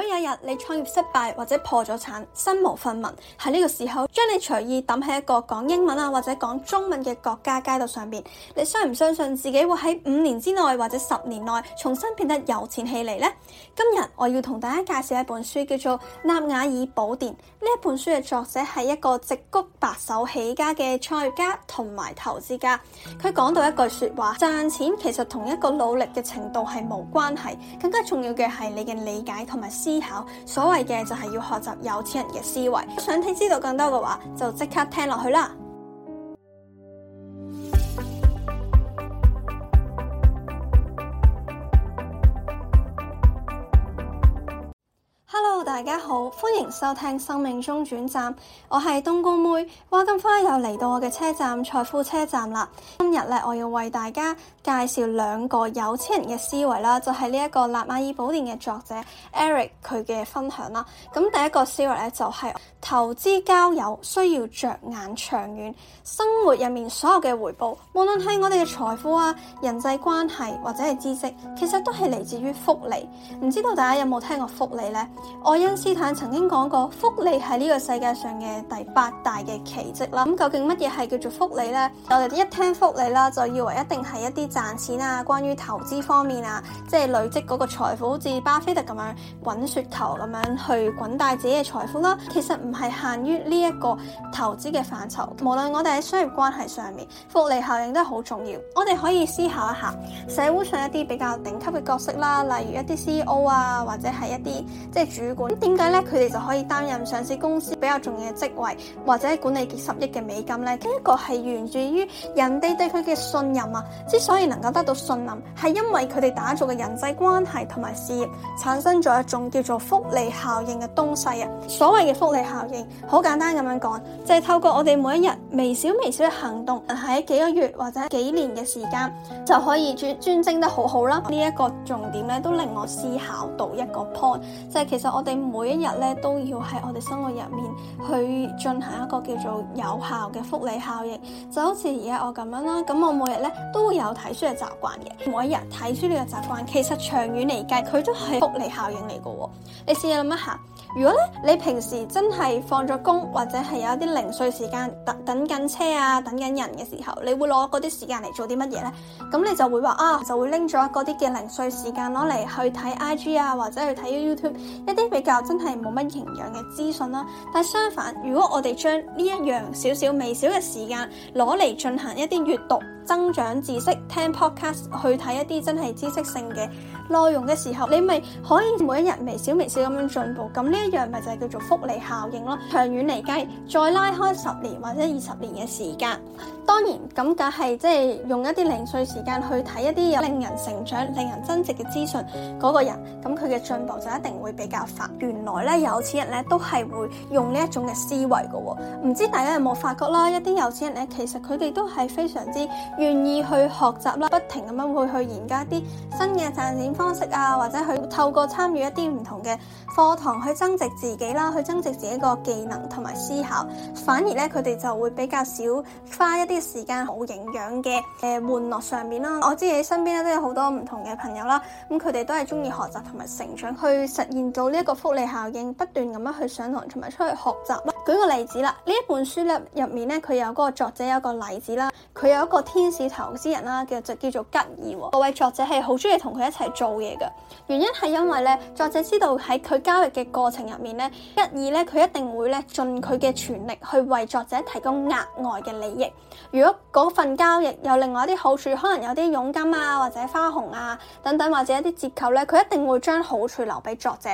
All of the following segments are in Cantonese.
如果有一日你創業失敗或者破咗產，身無分文，喺呢個時候將你隨意抌喺一個講英文啊或者講中文嘅國家街道上面，你相唔相信自己會喺五年之內或者十年內重新變得有錢起嚟呢？今日我要同大家介紹一本書，叫做《納瓦爾寶典》。呢一本書嘅作者係一個矽谷白手起家嘅創業家同埋投資家。佢講到一句說話：賺錢其實同一個努力嘅程度係冇關係，更加重要嘅係你嘅理解同埋思。思考，所謂嘅就係要學習有錢人嘅思維。想聽知道更多嘅話，就即刻聽落去啦！大家好，歡迎收聽生命中轉站，我係冬菇妹，哇咁快又嚟到我嘅車站財富車站啦。今日咧，我要為大家介紹兩個有錢人嘅思維啦，就係呢一個納瓦爾寶典嘅作者 Eric 佢嘅分享啦。咁第一個思維咧就係、是、投資交友需要着眼長遠。生活入面所有嘅回報，無論係我哋嘅財富啊、人際關係或者係知識，其實都係嚟自於複利。唔知道大家有冇聽過複利呢？我愛因斯坦曾經講過，複利係呢個世界上嘅第八大嘅奇蹟啦。咁究竟乜嘢係叫做複利呢？我哋一聽複利啦，就以為一定係一啲賺錢啊，關於投資方面啊，即係累積嗰個財富，好似巴菲特咁樣滾雪球咁樣去滾大自己嘅財富啦。其實唔係限於呢一個投資嘅範疇，無論我哋喺商業關係上面，複利效應都係好重要。我哋可以思考一下，社會上一啲比較頂級嘅角色啦，例如一啲 CEO 啊，或者係一啲即係主管。點解咧？佢哋就可以擔任上市公司比較重要嘅職位，或者管理幾十億嘅美金咧？呢、這個係源自於人哋對佢嘅信任啊！之所以能夠得到信任，係因為佢哋打造嘅人際關係同埋事業產生咗一種叫做複利效應嘅東西啊！所謂嘅複利效應，好簡單咁樣講，就係、是、透過我哋每一日微小微小嘅行動，喺幾個月或者幾年嘅時間就可以專專精得很好好啦！呢、這、一個重點咧，都令我思考到一個 point，就係、是、其實我哋。每一日咧都要喺我哋生活入面去進行一個叫做有效嘅複利效應，就好似而家我咁樣啦。咁我每日咧都有睇書嘅習慣嘅，每一日睇書呢個習慣，其實長遠嚟計佢都係複利效應嚟嘅。你試下諗一下。如果咧，你平時真係放咗工，或者係有一啲零碎時間等等緊車啊、等緊人嘅時候，你會攞嗰啲時間嚟做啲乜嘢呢？咁你就會話啊，就會拎咗嗰啲嘅零碎時間攞嚟去睇 IG 啊，或者去睇 YouTube 一啲比較真係冇乜營養嘅資訊啦。但相反，如果我哋將呢一樣少少微小嘅時間攞嚟進行一啲閱讀。增長知識，聽 podcast，去睇一啲真係知識性嘅內容嘅時候，你咪可以每一日微小微小咁樣進步。咁呢一樣咪就係叫做複利效應咯。長遠嚟計，再拉開十年或者二十年嘅時間，當然咁梗係即係用一啲零碎時間去睇一啲有令人成長、令人增值嘅資訊嗰個人，咁佢嘅進步就一定會比較快。原來咧，有錢人咧都係會用呢一種嘅思維嘅喎。唔知大家有冇發覺啦？一啲有錢人咧，其實佢哋都係非常之～願意去學習啦，不停咁樣會去研究一啲新嘅賺錢方式啊，或者去透過參與一啲唔同嘅課堂去增值自己啦，去增值自己個技能同埋思考，反而咧佢哋就會比較少花一啲時間冇營養嘅誒玩樂上面啦。我自己身邊咧都有好多唔同嘅朋友啦，咁佢哋都係鍾意學習同埋成長，去實現到呢一個複利效應，不斷咁樣去上堂同埋出去學習啦。舉個例子啦，呢一本書入面咧佢有嗰個作者有一個例子啦，佢有一個天使投資人啦，叫就叫做吉爾，位作者係好中意同佢一齊做嘢㗎。原因係因為咧，作者知道喺佢交易嘅過程入面咧，吉爾咧佢一定會咧盡佢嘅全力去為作者提供額外嘅利益。如果嗰份交易有另外一啲好處，可能有啲佣金啊或者花紅啊等等或者一啲折扣咧，佢一定會將好處留俾作者。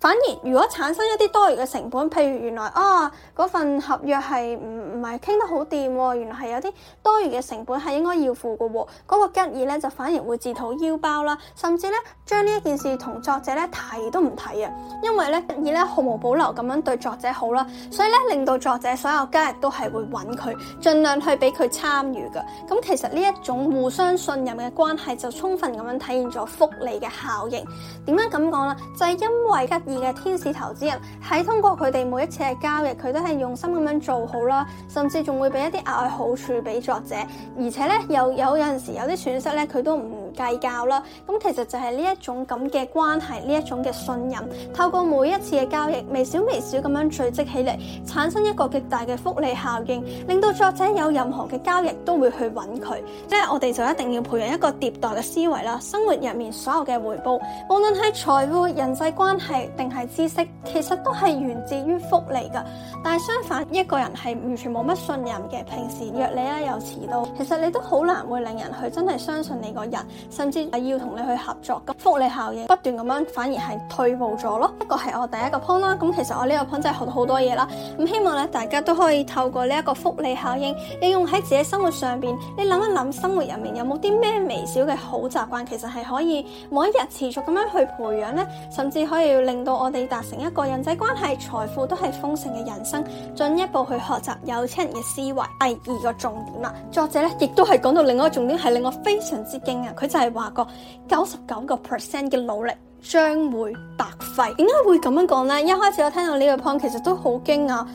反而如果產生一啲多餘嘅成本，譬如原來啊嗰、哦、份合約係唔唔係傾得好掂，原來係有啲多餘嘅成本係。應該要付嘅喎，嗰、那個吉爾咧就反而會自掏腰包啦，甚至咧將呢一件事同作者咧提都唔提啊，因為咧吉爾咧毫無保留咁樣對作者好啦，所以咧令到作者所有交易都係會揾佢，盡量去俾佢參與嘅。咁其實呢一種互相信任嘅關係，就充分咁樣體現咗複利嘅效應。點樣咁講啦？就係、是、因為吉爾嘅天使投資人喺通過佢哋每一次嘅交易，佢都係用心咁樣做好啦，甚至仲會俾一啲額外好處俾作者，而且。其實咧，又有，有有陣時有啲損失咧，佢都唔計較啦。咁其實就係呢一種咁嘅關係，呢一種嘅信任，透過每一次嘅交易，微小微小咁樣聚積起嚟，產生一個極大嘅複利效應，令到作者有任何嘅交易都會去揾佢。即係我哋就一定要培養一個迭代嘅思維啦。生活入面所有嘅回報，無論係財富、人際關係定係知識，其實都係源自於複利噶。但係相反，一個人係完全冇乜信任嘅，平時約你咧又遲到，其實你。都好難會令人去真係相信你個人，甚至係要同你去合作。咁複利效應不斷咁樣，反而係退步咗咯。呢、這個係我第一個 point 啦。咁其實我呢個 point 就學到好多嘢啦。咁希望咧，大家都可以透過呢一個複利效應應用喺自己的生活上邊。你諗一諗，生活入面有冇啲咩微小嘅好習慣，其實係可以每一日持續咁樣去培養咧，甚至可以令到我哋達成一個人際關係、財富都係豐盛嘅人生。進一步去學習有錢人嘅思維。第二個重點啦，作者咧亦都係講到另外一個重點，係令我非常之驚訝，佢就係話個九十九個 percent 嘅努力將會白費。點解會咁樣講呢？一開始我聽到呢個 point 其實都好驚訝嚇，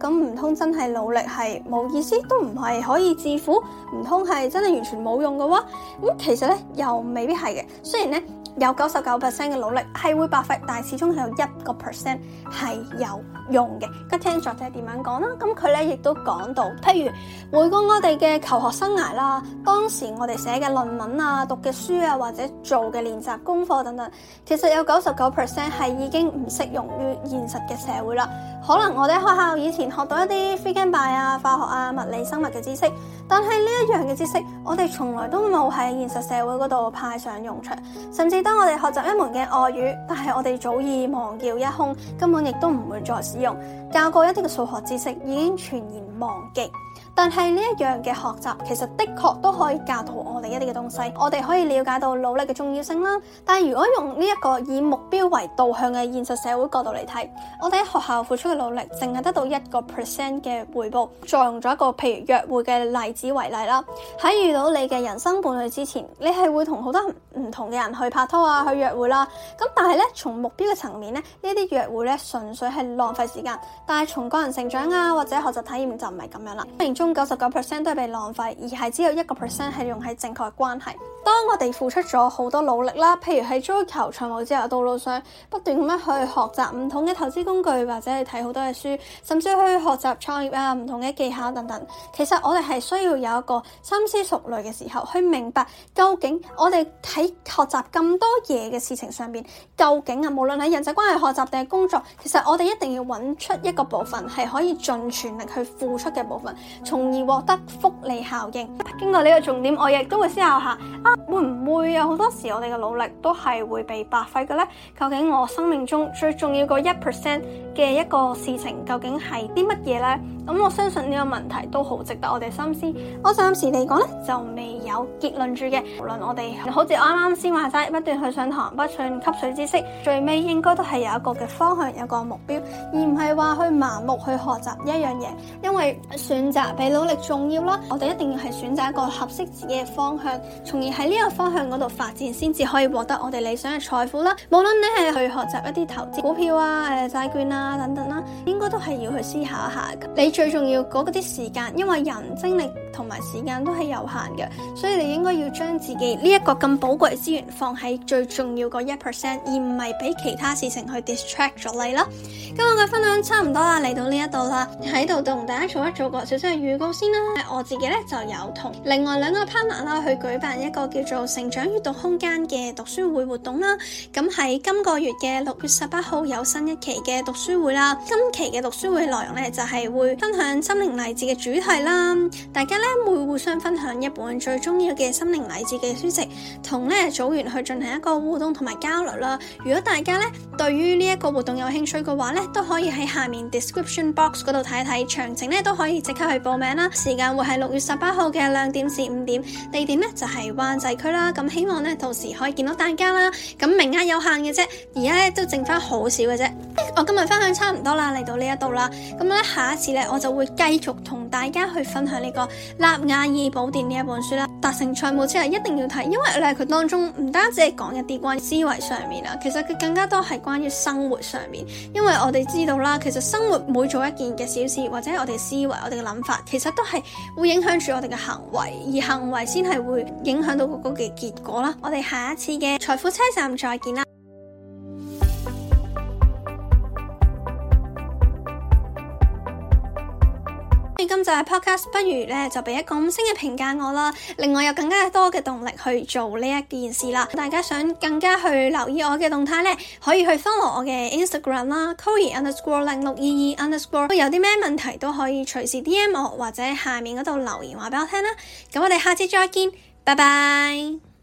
咁唔通真係努力係冇意思，都唔係可以致富，唔通係真係完全冇用嘅喎？咁、嗯、其實咧又未必係嘅。雖然咧有九十九 percent 嘅努力係會白費，但係始終係有一個 percent 係有用嘅。咁聽作者點樣講啦？咁佢咧亦都講到，譬如每個我哋嘅求學生涯啦，當時我哋寫嘅論文啊、讀嘅書啊，或者做嘅練習功課等等。其實有九十九 percent 係已經唔適用於現實嘅社會啦，可能我哋喺學校以前學到一啲 free game buy 啊、化學啊、物理、生物嘅知識。但係呢一樣嘅知識，我哋從來都冇喺現實社會嗰度派上用場。甚至當我哋學習一門嘅外語，但係我哋早已忘掉一空，根本亦都唔會再使用。教過一啲嘅數學知識，已經全然忘記。但係呢一樣嘅學習，其實的確都可以教導我哋一啲嘅東西。我哋可以了解到努力嘅重要性啦。但如果用呢一個以目標為導向嘅現實社會角度嚟睇，我哋喺學校付出嘅努力，淨係得到一個 percent 嘅回報。再用咗一個譬如約會嘅例子。以為例啦，喺遇到你嘅人生伴侶之前，你係會同好多唔同嘅人去拍拖啊，去約會啦。咁但係咧，從目標嘅層面咧，呢啲約會咧純粹係浪費時間。但係從個人成長啊，或者學習體驗就唔係咁樣啦。其中九十九 percent 都係被浪費，而係只有一個 percent 係用喺正確嘅關係。當我哋付出咗好多努力啦，譬如喺追求財務之後道路上不斷咁樣去學習唔同嘅投資工具，或者係睇好多嘅書，甚至去學習創業啊，唔同嘅技巧等等。其實我哋係需要有一個深思熟慮嘅時候，去明白究竟我哋喺學習咁多嘢嘅事情上邊，究竟啊，無論喺人際關係學習定係工作，其實我哋一定要揾出一個部分係可以盡全力去付出嘅部分，從而獲得複利效應。經過呢個重點，我亦都會思考下。會唔會有、啊、好多時我哋嘅努力都係會被白費嘅咧？究竟我生命中最重要嘅一 percent 嘅一個事情，究竟係啲乜嘢咧？咁我相信呢個問題都好值得我哋深思。我暫時嚟講咧就未有結論住嘅。無論我哋好似我啱啱先話齋，不斷去上堂，不斷吸取知識，最尾應該都係有一個嘅方向，有一個目標，而唔係話去盲目去學習一樣嘢。因為選擇比努力重要啦。我哋一定要係選擇一個合適自己嘅方向，從而係。喺呢個方向嗰度發展，先至可以獲得我哋理想嘅財富啦。無論你係去學習一啲投資、股票啊、誒債券啊等等啦，應該都係要去思考一下的。你最重要嗰嗰啲時間，因為人精力同埋時間都係有限嘅，所以你應該要將自己呢一個咁寶貴嘅資源放喺最重要嗰一 percent，而唔係俾其他事情去 distract 咗你啦。今日嘅分享差唔多啦，嚟到呢一度啦，喺度同大家做一做，做個小小嘅預告先啦。我自己咧就有同另外兩個 partner 啦去舉辦一個。叫做成長悅讀空間嘅讀書會活動啦，咁喺今個月嘅六月十八號有新一期嘅讀書會啦。今期嘅讀書會內容呢，就係會分享心靈勵志嘅主題啦。大家呢，會互相分享一本最中意嘅心靈勵志嘅書籍，同呢組員去進行一個互動同埋交流啦。如果大家呢，對於呢一個活動有興趣嘅話呢，都可以喺下面 description box 嗰度睇一睇詳情呢，都可以即刻去報名啦。時間會係六月十八號嘅兩點至五點，地點呢，就係地區啦，咁希望咧到時可以見到大家啦，咁名額有限嘅啫，而家咧都剩翻好少嘅啫。我今日分享差唔多啦，嚟到呢一度啦，咁咧下一次咧我就會繼續同大家去分享呢、這個《納瓦爾寶典》呢一本書啦，達成財務自由一定要睇，因為咧佢當中唔單止係講一啲關於思維上面啦，其實佢更加多係關於生活上面。因為我哋知道啦，其實生活每做一件嘅小事，或者我哋思維、我哋嘅諗法，其實都係會影響住我哋嘅行為，而行為先係會影響到嗰個嘅結果啦。我哋下一次嘅財富車站再見啦！今集嘅 podcast，不如咧就俾一個五星嘅評價我啦，令我有更加多嘅動力去做呢一件事啦。大家想更加去留意我嘅動態咧，可以去 follow 我嘅 Instagram 啦，Chloe underscore 零六二二 underscore。嗯嗯、有啲咩問題都可以隨時 DM 我，或者下面嗰度留言話俾我聽啦。咁我哋下次再見，拜拜。